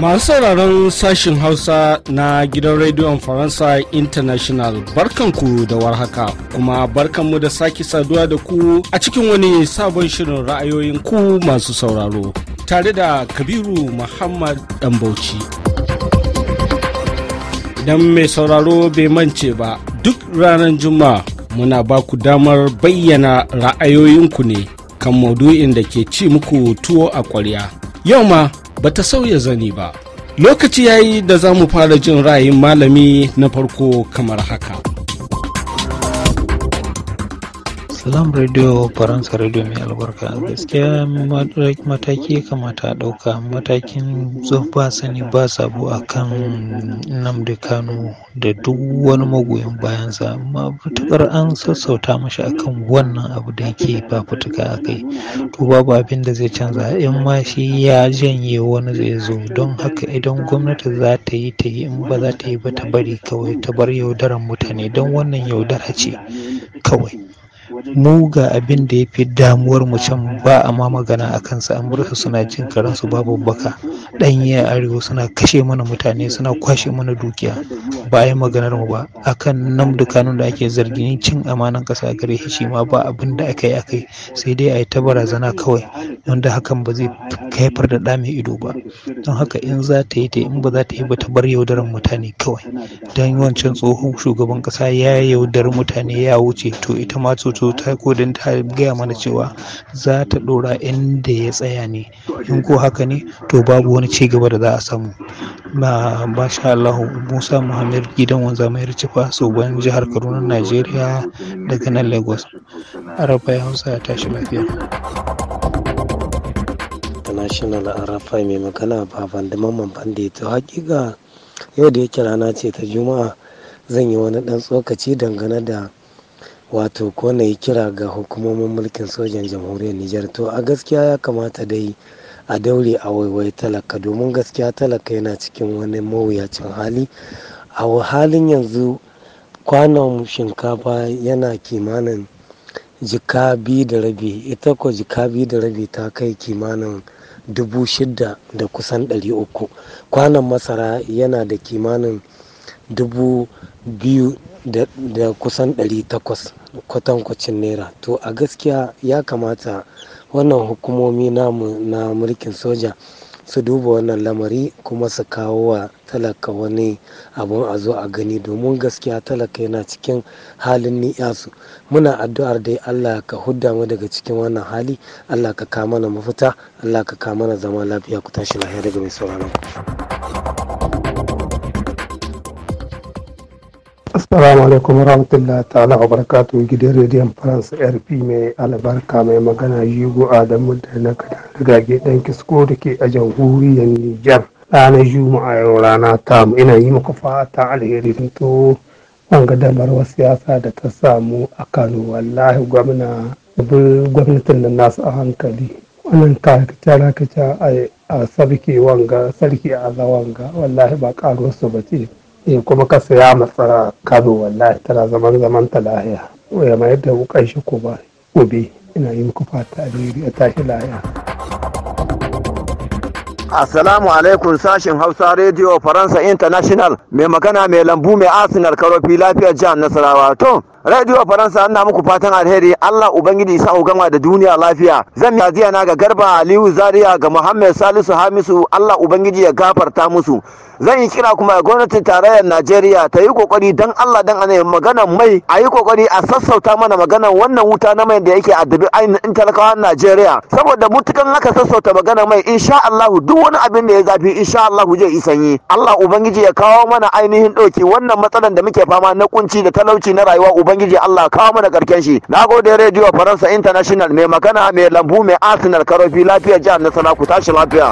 Masu sauraron sashen Hausa na gidan rediyon Faransa International barkanku da warhaka kuma barkanmu da sake saduwa da ku a cikin wani sabon shirin ra'ayoyin ku masu sauraro tare da Kabiru Muhammad bauchi Idan mai sauraro bai mance ba duk ranar Juma'a muna baku damar bayyana ra'ayoyinku ne kan maudu'in da ke ci muku tuwo a ƙwarya. Yau ma ba ta sauya zani ba. Lokaci yayi da za mu fara jin ra'ayin malami na farko kamar haka. Salam Radio Faransa Radio mai albarka gaskiya mataki ya kamata a ɗauka matakin ba sani ba sabo a kan da Kano da duk wani magoyin bayansa amma fitukar an sassauta mashi akan wannan abu da yake ba fituka a kai to babu abin da zai canza in ma shi ya janye wani zai zo don haka idan gwamnati za ta yi ta yi in ba za ta yi ba ta bari kawai ta bar yaudaran mutane don wannan yaudara ce kawai. mu ga abin da ya fi damuwar mu can ba a ma magana a kansa amurka suna cin su babu baka ɗanye a arewa suna kashe mana mutane suna kwashe mana dukiya ba a yi maganar mu ba akan nan dukanun da ake zargin cin amanan ƙasa gare shi ma ba abin da aka yi aka yi sai dai a yi ta barazana kawai wanda hakan ba zai haifar da ɗa mai ido ba don haka in za ta yi ta in ba za ta yi ba ta bar yaudarar mutane kawai don yawancin tsohon shugaban ƙasa ya yaudar mutane ya wuce to ita ma zo ta kodin ta gaya mana cewa za ta dora inda ya tsaya ne in ko haka ne to babu wani ci gaba da za a samu ba masha Allah Musa Muhammad gidan wanza mai jihar Kaduna Najeriya daga nan Lagos Arafa ya Hausa ya tashi lafiya International Arafa mai magana baban da mamman bandit hakika yau da yake rana ce ta juma'a zan yi wani dan tsokaci dangane da wato ko na yi kira ga hukumomin mulkin sojan jamhuriyar nijar to a gaskiya ya kamata dai a daure a waiwai talaka domin gaskiya talaka yana cikin wani mawuyacin hali a halin yanzu kwanon shinkafa yana kimanin jika biyu da rabi ita ko jika biyu da rabi ta kai kimanin dubu shida da kusan ɗari uku kwanon masara yana da kimanin dubu biyu da kusan ɗari takwas kwatankwacin naira to a gaskiya ya kamata wannan hukumomi namu na mulkin soja su duba wannan lamari kuma su kawo wa talaka wani abun a zo a gani domin gaskiya talaka yana cikin halin ni'yasu muna addu'ar dai allah ka hudda mu daga cikin wannan hali allah ka kama na mafita allah ka kama na zama lafiya ku tashi lafiya daga mai sauraron ku Assalamu alaikum warahmatullahi ta'ala wa barakatu gidan rediyon France RP mai albarka mai magana Jigo Adamu da na kada daga gidan kisko da ke a jamhuriyar Nijar. Ranar Juma'a yau rana ta mu ina yi muku fata alheri to wanga damarwar siyasa da ta samu a Kano wallahi gwamna gwamnatin da nasu a hankali wannan karkace kaca a sarki wanga sarki a zawanga wallahi ba karuwarsu ba ce eh kuma ka saya matsara kano wallahi tana zaman zaman ta lahiya ya mayar da wukan shi ko ba gobe ina yi muku fata alheri a tashi lahiya Assalamu alaikum sashin Hausa Radio Faransa International mai magana mai lambu mai Arsenal karofi lafiyar jihar Nasarawa to Radio Faransa ina muku fatan alheri Allah Ubangiji sa ku gama da duniya lafiya zan yi na ga Garba Aliyu Zaria ga Muhammad Salisu Hamisu Allah Ubangiji ya gafarta musu zan yi kira kuma gwamnatin tarayyar Najeriya ta yi kokari dan Allah dan ana magana mai a yi kokari a sassauta mana magana wannan wuta na mai da yake dabi ainihin talakawa Najeriya saboda mutukan aka sassauta magana mai insha Allah duk wani abin da ya zafi insha Allah zai yi sanyi Allah Ubangiji ya kawo mana ainihin ɗauki wannan matsalan da muke fama na kunci da talauci na rayuwa ubangiji Allah kawo mana karken shi na gode radio faransa international mai magana mai lambu mai arsenal karofi lafiya jihar nasara ku tashi lafiya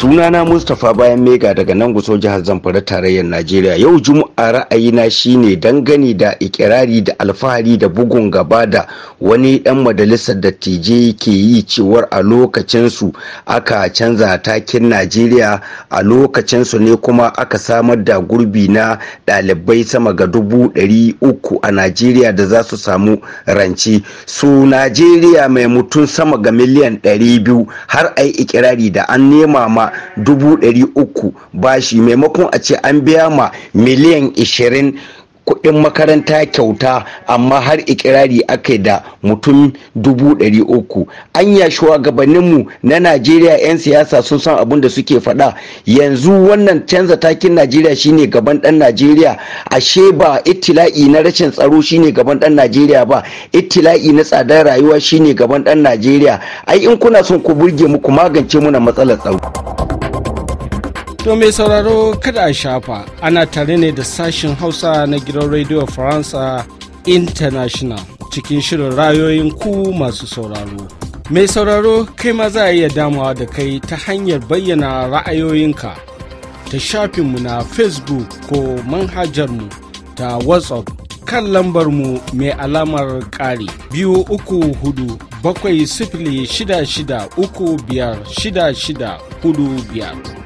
sunana mustapha bayan mega daga nan guso jihar zamfara tarayyar najeriya yau juma'a ra'ayina shine dangane da ikirari da alfahari da bugun gaba da wani dan majalisar dattijai ke yi cewar a lokacinsu aka canza takin najeriya a lokacinsu ne kuma aka samar da gurbi na ɗalibai sama ga dubu ɗari uku a najeriya da za su samu rance su najeriya mai mutum sama ga miliyan ɗari biyu har ai ikirari da an nema ma dubu ɗari uku bashi maimakon a ce an biya ma miliyan ishirin kuɗin makaranta kyauta amma har ikirari aka da mutum dubu ɗari uku anya shugabanninmu na najeriya 'yan siyasa sun san abin da suke faɗa yanzu wannan canza takin najeriya shine gaban ɗan najeriya ashe ba itila'i na rashin tsaro shine gaban ɗan najeriya ba itila'i na tsadar rayuwa shine gaban ɗan najeriya ai in kuna son ku burge mu ku magance muna matsalar tsaro To mai sauraro kada a shafa ana tare ne da sashen Hausa na gidan Radio Faransa International cikin shirin rayoyin ku masu sauraro. Mai sauraro kai ma za a iya damawa da kai ta hanyar bayyana ra'ayoyinka ta shafinmu na Facebook ko manhajarmu ta WhatsApp kan lambarmu mai alamar ƙari biyu uku hudu bakwai sifili shida shida uku biyar shida shida hudu biyar.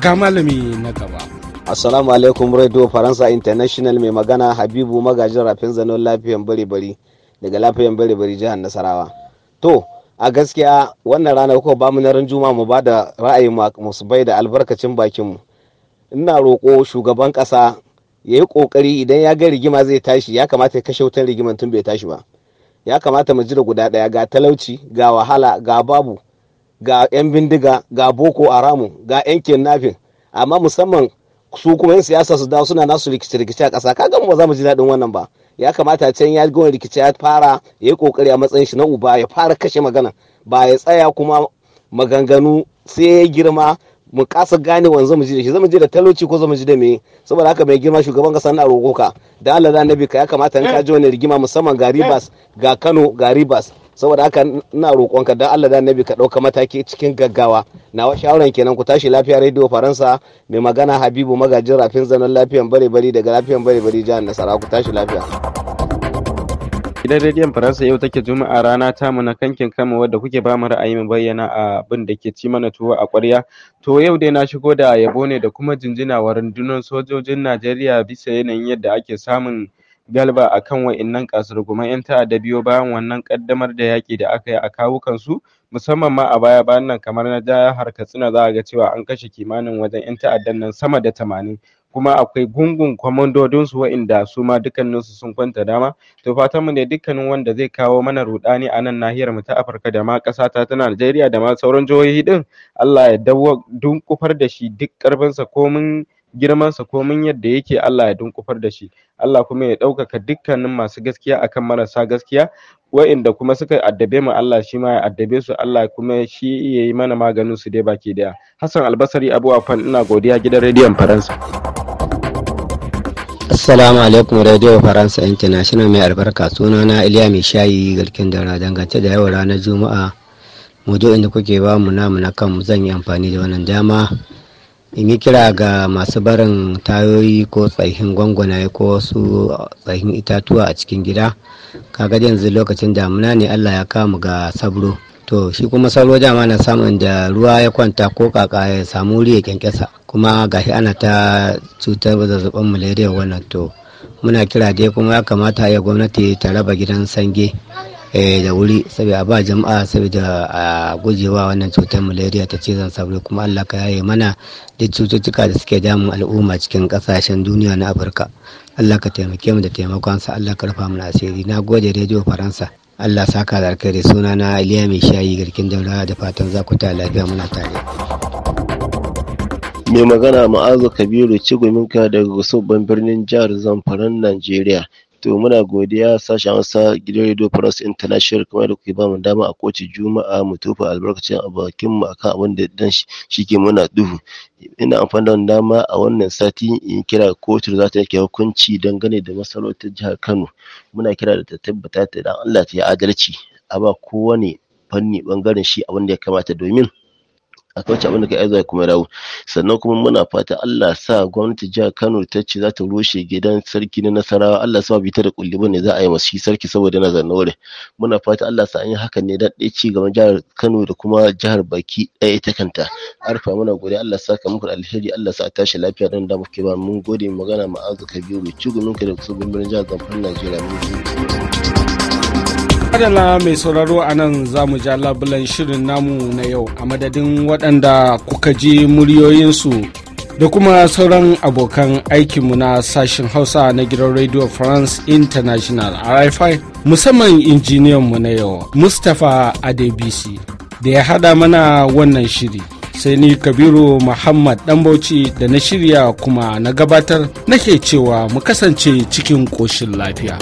ga malami na gaba Assalamu alaikum Radio Faransa International mai magana Habibu magajin rafin zanen lafiyan bari-bari daga lafiyan bari-bari jihar Nasarawa. To, a gaskiya wannan ranar kuka ba mu na ran juma mu ba da ra'ayi masu bai da albarkacin bakinmu. Ina roƙo shugaban ƙasa ya yi ƙoƙari idan ya ga rigima zai tashi ya kamata ya kashe wutan rigiman tun bai tashi ba. Ya kamata mu ji da guda ɗaya ga talauci ga wahala ga babu ga 'yan bindiga ga boko haramu ga 'yan kidnapping amma musamman su kuma yin siyasa su dawo suna nasu rikice-rikice a ƙasa kaga mu ba za mu ji daɗin wannan ba ya kamata can ya gama rikice ya fara ya yi kokari a matsayin shi na uba ya fara kashe magana ba ya tsaya kuma maganganu sai ya girma mu kasa gane wanzu mu ji da shi zamu ji da talauci ko zamu ji da me saboda haka mai girma shugaban kasa na roƙo ka da Allah da annabi ka ya kamata in ka ji wani rigima musamman ga Ribas ga Kano ga ribas saboda haka ina roƙonka dan Allah da annabi ka ɗauka mataki cikin gaggawa Na nawa shawaran kenan ku tashi lafiya radio faransa mai magana habibu magajin rafin zanen lafiyan bare bari daga lafiyan bare bari jihar nasara ku tashi lafiya gidan rediyon faransa yau take juma'a rana ta mu na kankin kama wadda kuke ba mu ra'ayi mu bayyana a abin da ke ci mana tuwo a ƙwarya to yau dai na shigo da yabo ne da kuma jinjina wa rundunar sojojin najeriya bisa yanayin yadda ake samun galba a kan ƙasar kasurguman 'yan ta'adda biyo bayan wannan kaddamar da yaƙi da aka yi a kawukansu musamman ma a baya bayan nan kamar na jihar katsina za a ga cewa an kashe kimanin wajen 'yan ta'addan nan sama da tamanin kuma akwai gungun kwamandodinsu wa'inda su ma dukkaninsu sun kwanta dama to fatan mu ne dukkanin wanda zai kawo mana rudani a nan nahiyar mu ta Afirka da ma ƙasa ta ta Najeriya da ma sauran jihohi din Allah ya dawo dunkufar da shi duk karfinsa komin Girman girmansa komin yadda yake Allah ya dunkufar da shi Allah kuma ya ɗaukaka dukkanin masu gaskiya akan marasa gaskiya wa'inda kuma suka addabe mu Allah shi ma ya addabe su Allah kuma shi ya yi mana maganin su dai baki daya Hassan Albasari Abu Afan ina godiya gidan rediyon Faransa Assalamu alaikum Radio Faransa International mai albarka sunana Iliya mai shayi garkin dara dangance da yau ranar Juma'a mu inda kuke ba mu namu na kan zan yi amfani da wannan dama in yi kira ga masu barin tayoyi ko gwangwana gwangwanaye ko wasu tsayin itatuwa a cikin gida kaga yanzu lokacin damuna ne allah ya kamu ga sabro to shi kuma sauro dama na samun da ruwa ya kwanta ko kaka ya samu wuri ya kyankyasa kuma gashi ana ta cutar zazzabin malaria wannan to muna kira dai kuma ya kamata ya gwamnati ta raba gidan sange Eh, da wuri saboda a ba jama'a saboda a gujewa wannan cutar malaria ta cizon sauro kuma Allah ka yaye mana da cututtuka da suke damun al'umma cikin kasashen duniya na Afirka Allah ka taimake mu da taimakon sa Allah ka rufa mana asiri na gode rediyo Faransa Allah saka da alkhairi suna na Iliya mai shayi garkin daura da fatan za ku ta lafiya muna tare mai magana ma'azu kabiru ka daga gusubban birnin jihar zamfaran najeriya To muna godiya sashen Hausa gidan Radio Press International kuma da kuke bamu dama a kowace Juma'a mu tofa albarkacin abokin mu akan abin da dan shi muna duhu. Ina amfani da dama a wannan sati in kira kotu za ta yanke hukunci dangane da masarautar jihar Kano. Muna kira da ta tabbata ta dan Allah ta yi adalci a ba kowane fanni bangaren shi abin da ya kamata domin a wacce abin da kai aiza kuma dawo sannan kuma muna fata Allah sa gwamnati jihar Kano ta ce za ta rushe gidan sarki na Nasarawa Allah sa bi ta da kulli ne za a yi masu shi sarki saboda na zanna wurin muna fata Allah sa an yi hakan ne dan ɗaya ci gaban jihar Kano da kuma jihar baki ɗaya ta kanta arfa muna gode Allah sa ka muku alheri Allah sa a tashi lafiya dan da muke ba mun gode magana ma'azu kabiru mai cigo ka da kusa birnin jihar Zamfara Najeriya mun gode Adala mai sauraro a nan za mu ja labulan shirin namu na yau a madadin waɗanda kuka ji muryoyinsu da kuma sauran abokan aikinmu na sashen hausa na gidan radio france international rfi musamman injiniyanmu na yau mustapha adebisi da ya hada mana wannan shiri sai ni kabiru muhammad bauchi da na shirya kuma na gabatar nake cewa mu kasance cikin ƙoshin lafiya